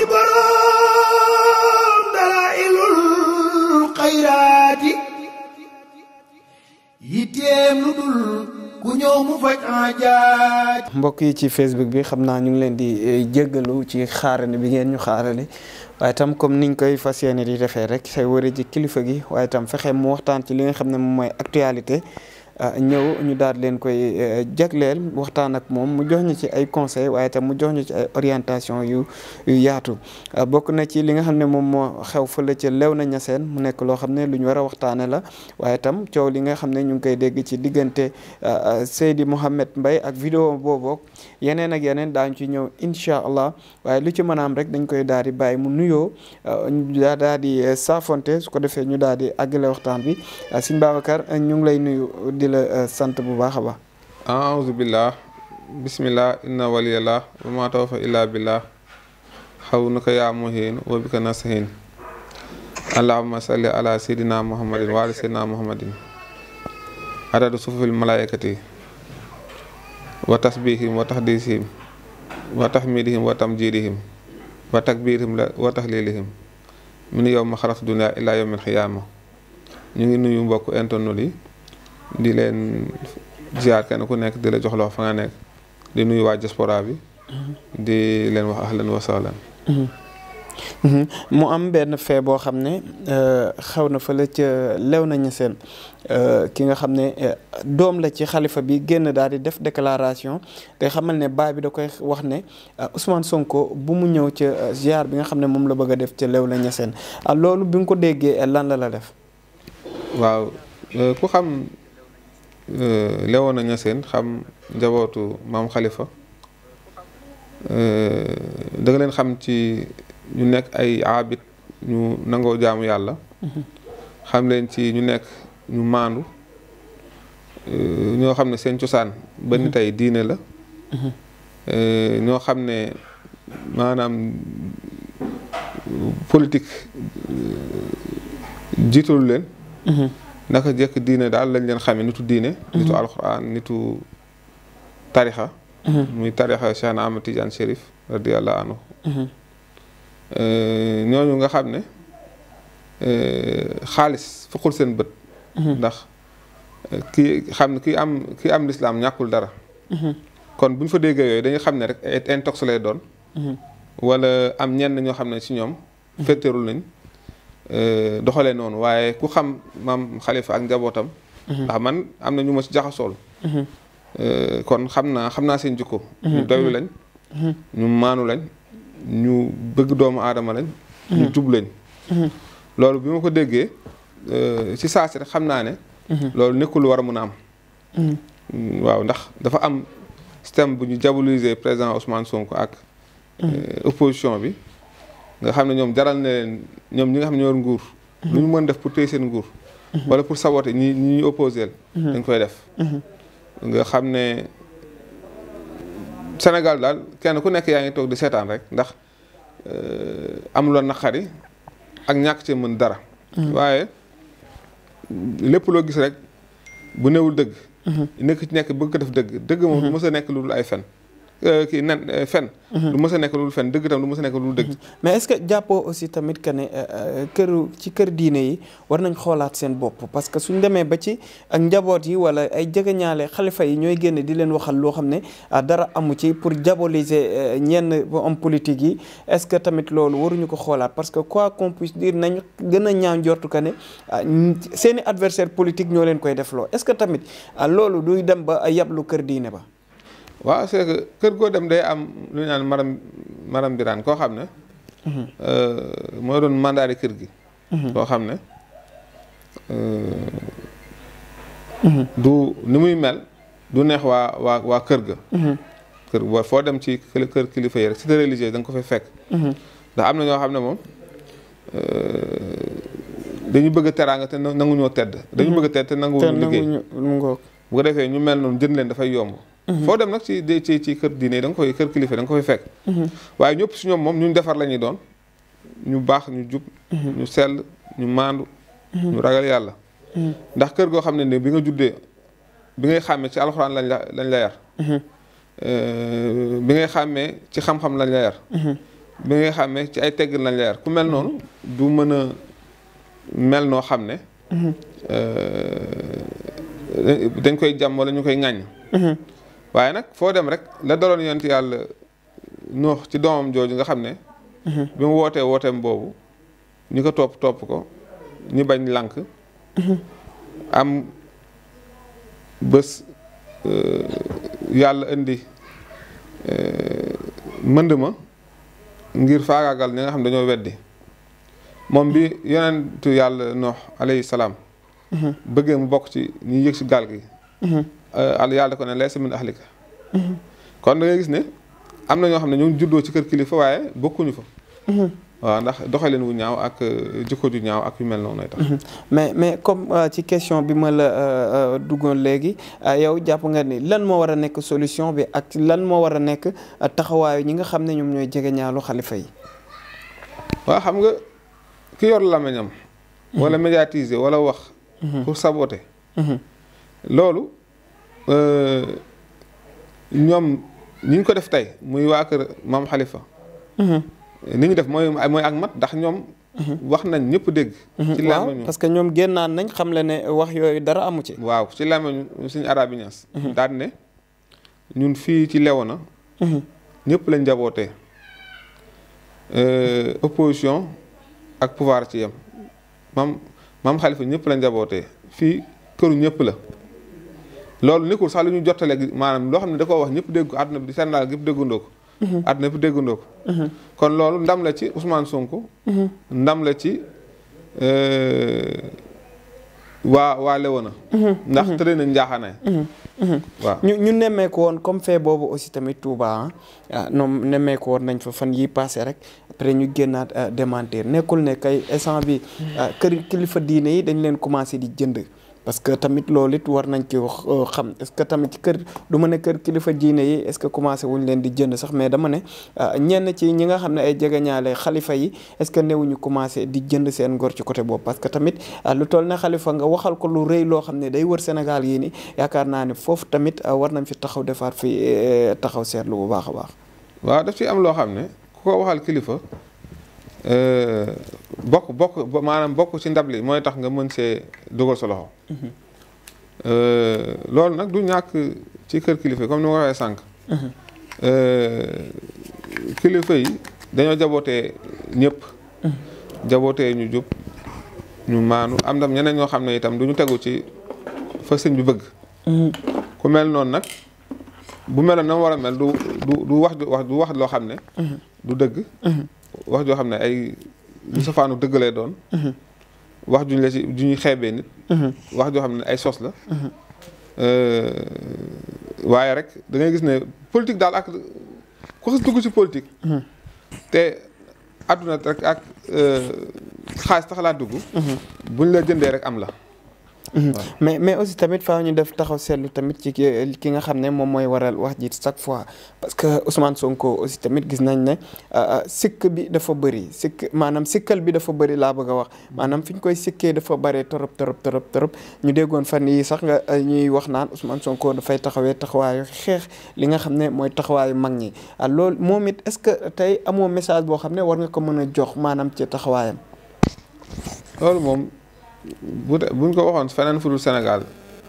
di boroom dalaa'ilul xayraati yitteem lu dul ku ñëw mu faj aajaat yi ci Facebook bi xam naa ñu ngi leen di eh, jéggalu ci xaarandi bi ngeen ñu xaarandi waaye tam comme niñ koy fas yéene di defee rek say wari ji kilifa gi waaye tam fexe mu waxtaan ci li nga xam ne moom mooy actualité ñëw ñu daal leen koy eh, jagleel waxtaan ak moom mu jox ñu ci ay conseil waaye tam mu jox ñu ci ay orientation yu yu yaatu ah, bokk na ci li nga xam ne moom moo xew fële ca Léona Niassène mu nekk loo xam ne lu ñu war a waxtaane la waaye tam coow li nga xam ne ñu ngi koy dégg ci diggante ah, ah, Seydi Mouhamed mbay ak vidéo booboo yeneen ak yeneen daañ ci ñëw incha allah waaye lu ci mën a am rek dañ koy daal di bàyyi mu nuyoo ñu daal di eh, saafonte su ko defee ñu daal di àggale waxtaan bi la sant bu baax a baax aouzu billah bismillah inna waliyallah wa ma tawfa illa billah xaw na ko yaa muhin wa bika nasahin allahumma salli ala sayyidina muhammadin wa ala sayyidina muhammadin adadu sufufil malaikati wa tasbihim wa tahdisihim wa tahmidihim wa tamjidihim wa takbirihim wa tahlilihim min yawma xalas dunya ila yawmil xiyaama ñu ngi nuyu mbokk internet yi di leen ziar kenn ku nekk di la jox loo fa nga nekk di nuyu waa diaspora bi. di leen wax ahlan wa sahlan. mu am benn fee boo xam ne euh, xew na fa la ca lew nañu seen ki nga xam ne euh, doom la ci xalifa bi génn daal di def déclaration te xamal ne baay bi da koy wax ne euh, Ousmane Sonko bu mu ñëw ca ziar bi nga xam ne moom la bëgg a def ca lew nañu seen loolu bi nga ko déggee lan la la def. waaw ku xam Euh, lewoon na Niassène xam njabootu maam Khalifa euh, da leen xam ci ñu nekk ay aabit ñu nangoo jaamu yàlla xam leen ci ñu nekk ñu maandu euh, ñoo xam ne seen cosaan ba ni tey diine la ñoo xam ne maanaam politik jiitalu leen naka jekk diine daal lañ leen xamee tu diine mhm. nitu alquran nitu tarixa mhm. muy tarixa Cheikh Ahmad Tidiane Chérif radiallahu anhu mhm. euh, ñooñu nga xam ne euh, xaalis fuqul seen bët ndax euh, ki xam ne kii am kii am lislaam ñàkkul dara kon bu ñu fa déggee yooyu dañuy xam ne rek ay lay doon wala am ñenn ñoo xam ne ci ñoom féeteerul nañ Euh, doxalee noonu waaye ku xam maam xalifa ak njabootam. Mhm. ndax man am na ñu ma ci jaxasool. Mhm. Euh, kon xam naa xam naa seen jikko. Mhm. ñu doylu lañ. ñu maanu lañ. ñu bëgg doomu aadama lañ. ñu jub lañ. loolu bi ma ko déggee euh, ci saa si rek xam naa ne. loolu nekkul war a mun a am. Mm, waaw ndax dafa am système bu ñu diaboliser président Ousmane Sonko ak. opposition bi. nga xam ne ñoom jaral na leen ñoom ñi nga xam ne ñoo nguur mhm. lu ñu mën def pour téye seen nguur mhm. wala pour saboter ñi ñi ñuy opposé mhm. dañ koy def nga xam ne senegal daal kenn ku nekk yaa ngi toog di seetaan rek ndax euh, am la naqari ak ñàkk ci mën dara waaye lépp loo gis rek bu newul dëgg nekk ci nekk bëgg ko def dëgg dëgg moom du mës a nekk lu dul ay fen Euh, kii nen euh, fen lu mhm. mës a nekk lu fen dëgg tam lu mës a nekk lu dëgg mhm. mais est-ce que jàppoo aussi tamit que ne euh, këru ci kër diine yi war nañ xoolaat seen bopp parce que suñ demee ba ci ak njaboot yi wala ay jegeñaale xalifa yi ñooy génne di leen waxal loo xam ne ah, dara amu ci pour diaboliser ñenn homme politique yi est-ce que tamit loolu waruñu ko xoolaat parce que quoi qu'on puisse nañ gën a ñaaw njortu que ne ah, seeni adversaire politique ñoo leen koy defloo est-ce que tamit ah, loolu duy dem ba yablu kër diine ba waaw c'est que kër goo dem day am lu ñu naan maram maram biraan koo xam ne. Mhm. Euh, mooy doon mandaari kër gi. Mhm. koo xam ne euh, mhm. du ni muy mel du neex waa waa waa kër ga. kër boo foo dem ci kër kilifa rek cité religieuse da nga ko fay fekk. ndax am na ñoo xam ne moom euh, dañu bëgg a teraanga te nangu ñoo tedd. dañu bëgg a tedd te nangu ñu liggéey bu defee ñu mel noonu jën leen dafay yomb. Mhm. foo dem nag ci ci ci kër diine da nga koy kër kilifa da nga ko fekk mhm. waaye ñëpp si ñoom moom ñu defar la doon ñu baax ñu jub mhm. ñu sell ñu maandu ñu ragal yàlla ndax kër goo xam ne ne bi nga juddee bi ngay xàmmee ci alxuraan lañ la lañ la euh, ngay xàmmee ci xam lañ la yar bi ngay ci ay teggin lañ la yar ku mel noonu du mën a mel noo xam ne euh, dañ koy jàmm wala ñu koy ŋàññ waaye nag foo dem rek la daloon yonent yàlla noox ci doomam jooju nga xam ne mhm. bi mu wootee wooteem boobu ñu ko topp topp ko ñu bañ lànk mhm. am bës euh, yàlla indi euh, mënd ma ngir faagaagal ñi nga xam dañoo weddi moom bi yonentu yàlla noox alayhi salaam mhm. bëggee mu bokk ci ñu yëg ci gaal gi al euh, yàlla ko ne laysa semmine ahlika kon da gis ne am na ñoo xam ne ñoo juddoo ci kër kilifa waaye bokkuñu fa waaw ndax doxalin wu ñaaw ak euh, jikko ju ñaaw ak yu mel noonu lay mais comme euh, ci question bi ma la duggoon léegi yow jàpp nga ni lan moo war a nekk solution bi ak lan moo war a nekk taxawaayu ñi nga xam ne ñoom ñooy jege ñaalu xalifa yi. waa xam nga ki yor làmmiñam wala médiatiser wala wax. Mhm. pour saboter. Mhm. loolu. Euh, ñoom ni ñu ko def tey muy waa kër maam xalifa mhm. ni ñu def mooy ak mat ndax ñoom. Mhm. wax nañ ñëpp dégg. Mhm. ci làmmiñu parce que ñoom génnaan nañ xam le ne wax yooyu dara amu ci. waaw ci làmmiñu suñu arabi ñaas. daan ne ñun fii ci lewoona ñëpp lañ jabootee euh, opposition ak pouvoir ci yam maam maam Khalifa ñëpp la jabootee fii këru ñëpp la. loolu nekkul sax lu ñu jottale maanaam loo xam ne da koo wax ñëpp dégg ko àdduna bi Sénégal gépp déggandoo ko mhm. àdduna bi déggandoo ko mhm. kon loolu ndam la ci Ousmane Sonko mhm. ndam la ci euh, waa waa Léona ndax tëddee nañ njaaxaanaay waaw ñu ñu nemmeeku woon comme fee boobu aussi tamit Touba ah. ah ñoom nemmeeku woon nañ fa fan yi passé rek après ñu génnaat euh, démentir nekkul ne kay instant bi euh, kër kilifa diine yi dañ leen commencé di jënd parce que tamit loolu it war nañ ci wax euh, xam est-ce que tamit ci kër du ma ne kër kilifa diine yi est-ce que commencé wuñ leen di jënd sax mais dama ne euh, ñenn ci ñi nga xam ne ay jege jegeñaale xalifa yi est-ce que newuñu commencé di jënd seen ngor ci côté boobu parce que tamit euh, lu toll ne xalifa nga waxal ko lu rëy loo xam ne day wër Sénégal yii ni yaakaar naa ne foofu tamit war nañ fi taxaw defaat fi taxaw seetlu bu baax a baax waaw daf ci am loo xam ne ku ko waxal kilifa Euh, bokk bokk maanaam bokk ci ndab li mooy tax nga mën see dugal sa loxo. Mhm. Euh, loolu nag du ñàkk ci kër kilifa yi comme ni waxee sànq. Mhm. Euh, kilifa dañoo jabootee ñëpp. Mhm. jabootee ñu jub ñu maanu am ndam ñeneen ñoo xam ne itam du ñu tegu ci fa sëñ bi bëgg. ku mel noonu nag bu meloon na mu war a mel du du du wax du wax loo xam ne. du dëgg. wax joo xam ne ay lu safaanu dëgg lay doon mhm. wax juñ la ci ju ñuy xeebee nit mhm. wax joo xam ne ay soos la mhm. euh, waaye rek dangay gis ne politique daal ak ku xas dugg ci politique te àdduna rek ak euh, xaalis tax laa dugg buñ la jëndee rek am la mais mais aussi tamit faaw ñu def taxaw seetlu tamit ci ki nga xam ne moom mooy waral wax ji chaque fois parce que Ousmane Sonko aussi tamit gis nañ ne sikk bi dafa bëri sikk maanaam sikkal bi dafa bëri laa bëgg a wax maanaam fi ñu koy sikkee dafa bëree torop torop torop torop ñu déggoon fan yi sax nga ñuy wax naan Ousmane Sonko dafay taxawee taxawaayu xeex li nga xam ne mooy taxawaayu mag ñi loolu moom est-ce que tey amoo message boo xam ne war nga ko mën jox maanaam ci taxawaayam loolu moom bu buñ ko waxoon feneen fu dul Sénégal.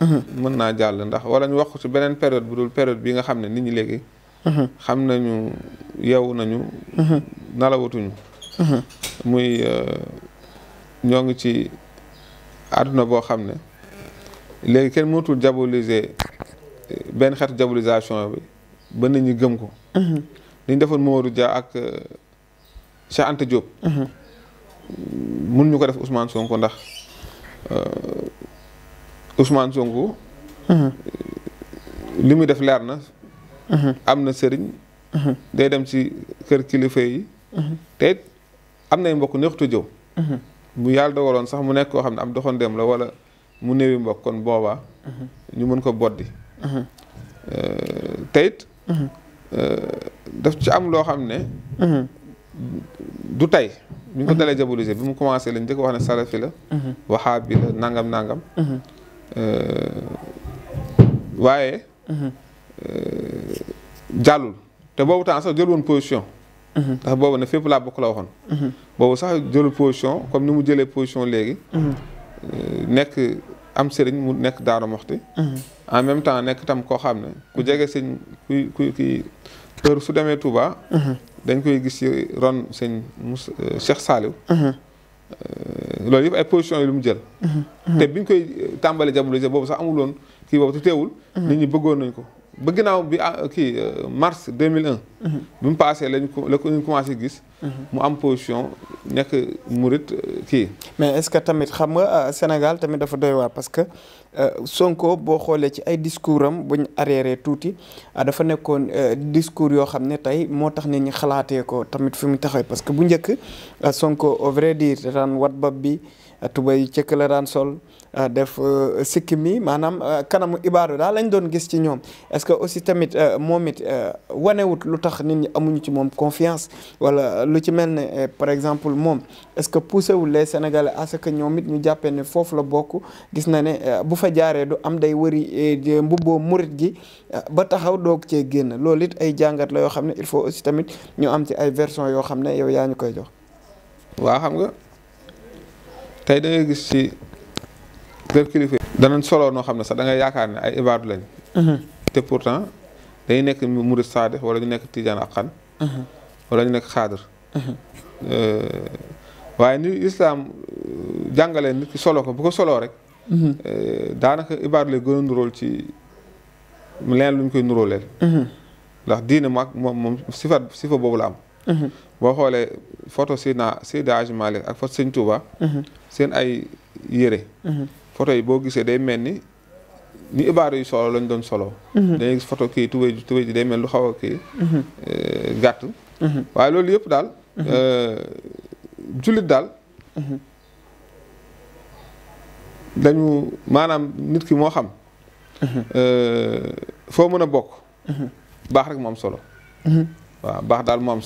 Mhm. mën naa jàll ndax wala ñu wax ko ci beneen période bu dul période bi nga xam ne nit ñi léegi. Mhm. xam nañu yeewu nañu. Mhm. nalawatuñu. muy euh, ñoo ngi ci àdduna boo xam ne léegi kenn mënatul diaboliser benn xeetu jabolisation bi ba nit ñi gëm ko. li ñu defoon Mamadou Dia ak euh, Cheikh Anta Diop. mun ñu ko def Ousmane Sonko ndax. Euh, Ousmane Sonko. Mhm. li muy def leer na. Mhm. am na sëriñ. Mhm. day dem ci kër kilifa yi. te am nay mbokk neexutu jëw. bu yàlla dogaloon sax mu nekk koo xam ne am doxoon la wala mu néewi mbokk kon boobaa. ñu mën ko boddi. Euh, te euh, daf ci am loo xam ne. du tey. bi ñu ko dalee diaboliser bi mu commencé lañ njëkk wax ne salafi la mhm. waxaab bi la nangam nangam mhm. euh, waaye mhm. euh, jàllul te boobu temps sax jël woon position ndax boobu ne fépp laa bokk la waxoon boobu sax jëlul position comme ni mu jëlee position léegi euh, nekk am sëriñ mu nekk Daaru Moxti en même temps nekk tam koo xam ne ku jege sëñ ku ku kii heure su demee Touba dañ koy gis ci ron seen Moussa euh, Cheikh Saliou. Uh-huh. Euh, loolu yëpp ay position yi lu mu jël. Uh-huh. te uh-huh. biñ koy tàmbalee jamono ji boobu sax amul woon kii boobu te teewul. nit ñi bëggoon nañ ko. ba ginnaaw bi ah, kii euh, mars 2001. Mhm. bi mu paasee lañ ko la ko ñu commencé gis. Mhm. mu am position nekk murit euh, kii. mais est-ce que tamit xam nga euh, Sénégal tamit dafa doy waar parce que Sonko boo xoolee ci ay discours am bu ñu arriéré tuuti ah, dafa nekkoon discours yoo xam ne tey moo tax nit ñi xalaatee ko tamit fu mu taxawee parce que bu njëkk Sonko au vrai dire daan wat bab bi. tubay cëkk la daan sol euh, def euh, sikki mi maanaam euh, kanamu ibaadu daal lañ doon gis ci ñoom est-ce que aussi tamit moom it wanewut lu tax nit ñi amuñu ci moom confiance wala lu ci mel ne par exemple moom est-ce que poussé wul les Sénégalais que ñoom ñu jàppee ne foofu la bokk gis na ne bu fa jaaree du am day wëri mbubboo murit gi ba taxaw doog cee génn loolu it ay jàngat la yoo xam ne il faut aussi tamit ñu am ci ay version yoo xam ne yow yaa ñu koy jox waaw xam nga tey da gis ci kër kilifa danañ solo noo xam ne sax dangay yaakaar ne ay ibaadu lañ mhm. te pourtant dañu nekk murid saadix wala ñu nekk tijaan ak xan mhm. wala ñu nekk xaadir mhm. euh, waaye ni islaam euh, jàngalee nit ki solo ko bu ko soloo rek euh, daanaka ibaadu lay gën a nuróol ci leen lu ñu koy nuróoleel ndax diine mag moom moom sifat sifa boobu la am boo xoolee photo Seydina Seydi ak photo Sëñ seen ay yére. photo yi boo gisee day mel ni ni ibaadu yu solo lañ doon solo. dañuy gis photo kii tubéy ji day mel lu xawa a eh, gàtt. waaye loolu yëpp daal. Eh, jullit daal. dañu maanaam nit ki moo xam. Eh, foo mën a bokk. baax rek moom solo. waaw baax daal moo am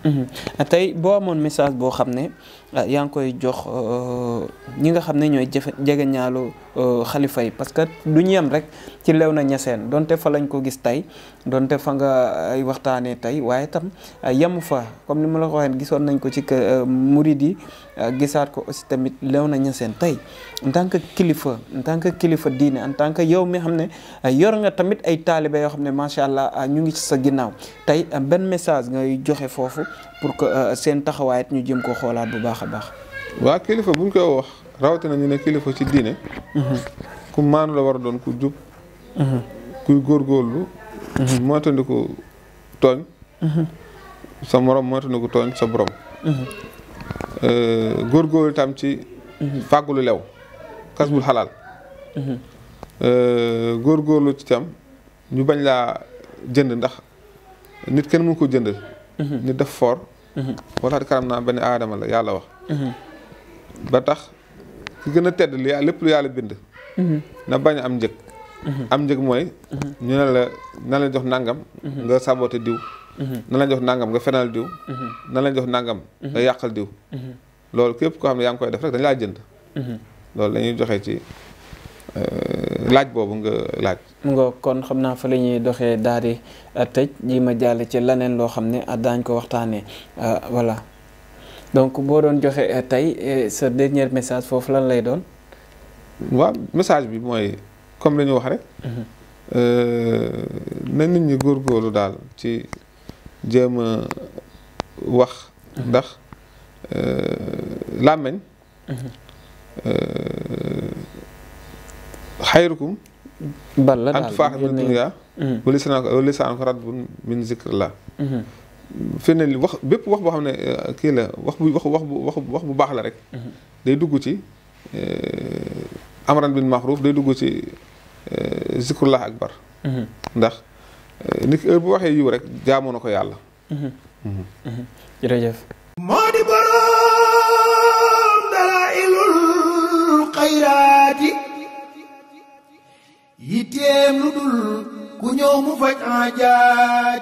Mhm. tey boo amoon message boo xam ne euh, yaa ngi koy jox euh, ñi nga xam ne ñooy jëfe jegeñaalu euh, xalifa yi parce que du ñu yem rek ci lew na ñaseen donte fa lañ ko gis tey donte fa nga ay waxtaanee tey waaye tam yemu fa comme ni ma la gisoon nañ ko ci murid yi gisaat ko aussi tamit Léona Niassène tey en tant kilifa tant que kilifa diine en tant que yow mi xam ne yor nga tamit ay taalibe yoo xam ne macha allah ñu ngi ci sa ginnaaw tey benn message ngay joxe foofu. pour que euh, seen taxawaay ñu jëm ko xoolaat bu baax a baax. waa kilifa buñ koy wax rawatina ñu ne kilifa ci diine. Mhm. ku maanu la war a doon ku jub. Mhm. kuy góorgóorlu. Mhm. moytandiku tooñ. sa moroom moytandiku tooñ sa borom. Euh, góorgóorlu tam ci. fàggulu lew kasbul xalaal. Euh, góorgóorlu ci tam ñu bañ laa jënd ndax nit kenn mu ko jënd nit mhm. def for wala mhm. xat karam naa bani aadama la yàlla wax mhm. ba tax ki gën a tedd li lépp lu yàlla bind na bañ am njëg am njëg mooy ñu ne la na la jox nangam nga saboté diw na la jox nangam nga fenal diw na la jox nangam nga yàqal diw loolu képp koo xam ne yaa ngi koy def rek dañ laa jënd loolu la ñuy ci euh, laaj boobu nga laaj. nga kon xam naa fa la ñuy doxee daal di uh, tëj ji ma jàll ci leneen loo xam ne uh, daañ ko waxtaanee uh, voilà donc boo doon joxe tey sa dernier message foofu lan lay doon. bi mooy comme la ñu wax rek. Mhm. na nit ñi góorgóorlu daal ci jéem a wax. Mhm. ndax làmmeñ. Mhm. خيركم بل لا انت فاهم يعني الدنيا ولسنا ولسنا قرات من ذكر الله فين الوخ بيب وخ بو خامني آه، كي لا وخ بو وخ وخ بو وخ بو باخ لا ريك داي دوجو تي آه، امران بن معروف داي دوجو تي آه، ذكر الله اكبر ندخ نيك اير بو وخي يو ريك جامو نكو yitteem lu dul ku ñëw mu faj aajaaj